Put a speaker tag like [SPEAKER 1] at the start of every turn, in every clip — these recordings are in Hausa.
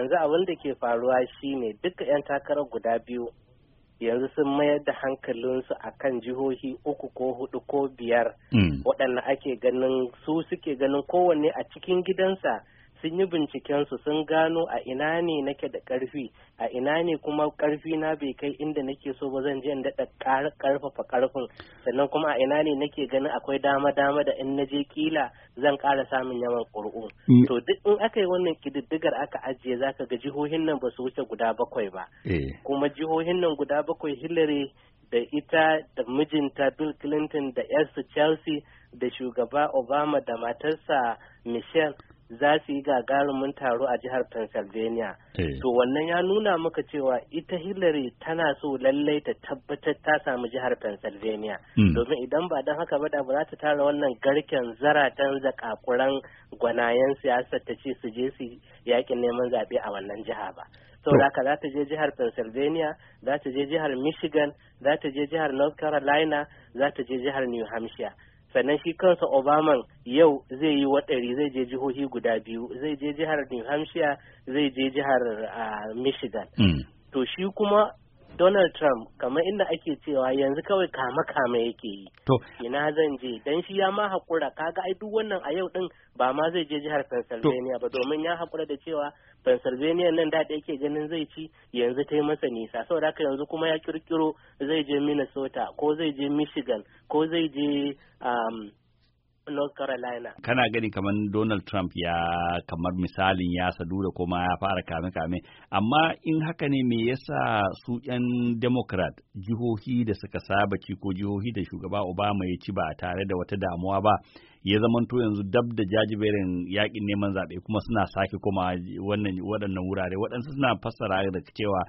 [SPEAKER 1] yanzu abin da ke faruwa shine duka 'yan takarar guda biyu yanzu sun mayar da hankalinsu a kan jihohi uku ko hudu ko biyar mm. waɗanda ake ganin su suke ganin kowanne a cikin gidansa sun yi bincikensu sun gano a ina ne nake da ƙarfi a ina ne kuma ƙarfi na bai kai inda nake so ba zan je in daɗa ƙarfafa ƙarfin sannan kuma a ina ne nake ganin akwai dama dama da in na je kila zan ƙara samun yawan ƙuri'u mm. to duk in aka yi wannan kididdigar aka ajiye za ka ga jihohin nan ba su wuce guda bakwai ba eh. kuma jihohin nan guda bakwai Hillary da ita da mijinta Bill Clinton da 'yarsu Chelsea da shugaba Obama da matarsa Michelle za su yi gagarumin taro a jihar Pennsylvania. Eh. To wannan ya nuna maka cewa ita Hillary tana so lallai ta tabbatar ta samu jihar Pennsylvania. Hmm. Domin idan ba don haka ba da ba za ta tara wannan garken zaratan zakakuran gwanayen siyasar ta ce su je su yakin neman zaɓe a wannan jiha ba. saboda haka za ta je jihar Pennsylvania, za ta je jihar Michigan, za ta je jihar North Carolina, za ta je jihar New Hampshire. sannan shi kansa Obama yau zai yi waɗari zai je jihohi guda biyu zai je jihar new hampshire zai je jihar ah, michigan hmm. to shi kuma Donald Trump kamar inda ake cewa yanzu kawai kama kama yake yi. To. Ina zan je dan shi ya ma haƙura kaga ai duk wannan a yau din ba ma zai je jihar Pennsylvania ba domin ya haƙura da cewa Pennsylvania nan da yake ganin zai ci yanzu ta yi masa nisa saboda haka yanzu kuma ya kirkiro zai je Minnesota ko zai je Michigan ko zai je um, North Carolina.
[SPEAKER 2] Kana gani kamar Donald Trump ya kamar misalin ya sadu da kuma ya fara kame-kame, amma in haka ne me yasa su 'yan Democrat jihohi da suka saba ko jihohi da shugaba Obama ya ci ba tare da wata damuwa ba ya zamanto yanzu dab da jajiberin yakin neman zaɓe kuma suna sake kuma wannan waɗannan wurare waɗansu suna fassara da cewa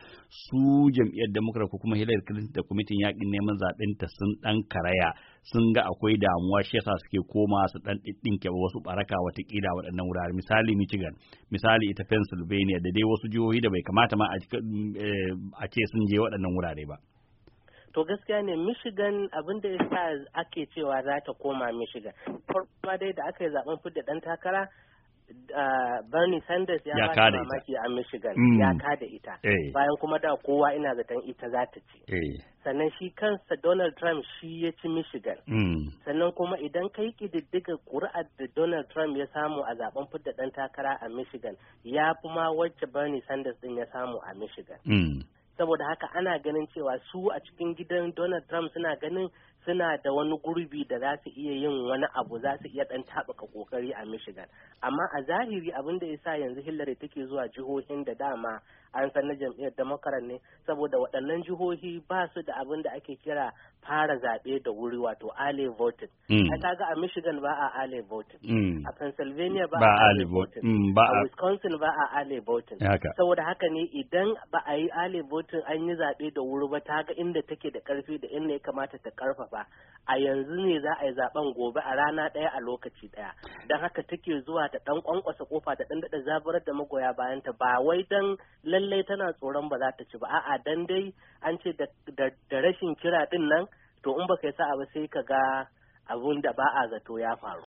[SPEAKER 2] su jam'iyyar demokrat ko kuma Hillary Clinton da kwamitin yakin neman zaɓen ta sun ɗan karaya sun ga akwai damuwa shi yasa suke koma su ɗan ɗinke wasu ɓaraka watakila waɗannan wurare misali Michigan misali ita Pennsylvania da dai wasu jihohi da bai kamata ma a eh, ce sun je waɗannan wurare ba.
[SPEAKER 1] To gaskiya ne Michigan abinda da ya sa ake cewa za ta koma Michigan. Farko dai da aka yi zaben fidda ɗan takara Bernie Sanders ya ba da mamaki a Michigan Ya mm. ya kada ita eh. bayan kuma da kowa ina zaton ita za ta ci eh. sannan shi kansa Donald Trump shi ya ci Michigan mm. sannan kuma idan ka yi ƙididdiga ƙuri'ar da Donald Trump ya samu a zaben fidda ɗan takara a Michigan ya fi ma wacce Bernie Sanders din ya samu a Michigan mm. saboda haka ana ganin cewa su a cikin gidan donald trump suna ganin suna da wani gurbi da za su iya yin wani abu za su iya dan taɓuka kokari a Michigan amma a zahiri abin da yasa yanzu Hillary take zuwa jihohin da dama an san na jam'iyyar Democrat ne saboda waɗannan jihohi ba su da abin da ake kira fara zaɓe da wuri wato early voting mm. a kaga a Michigan ba a early voting mm. a Pennsylvania ba a early
[SPEAKER 2] voting mm, a
[SPEAKER 1] Wisconsin ba a early voting saboda haka ne idan ba a yi early voting an yi zaɓe da wuri ba ta ga inda take da ƙarfi da inda ya kamata ta ƙarfa ba a yanzu ne za a yi zaben gobe a rana ɗaya a lokaci ɗaya don haka take zuwa ta ɗan ƙwanƙwasa kofa ta ɗan daɗa zaburar da magoya bayanta ba wai don lallai tana tsoron ba za ta ci ba a'a dan dai an ce da rashin kira ɗin nan to in baka yi sa'a ba sai ka ga abun da ba a zato ya faru.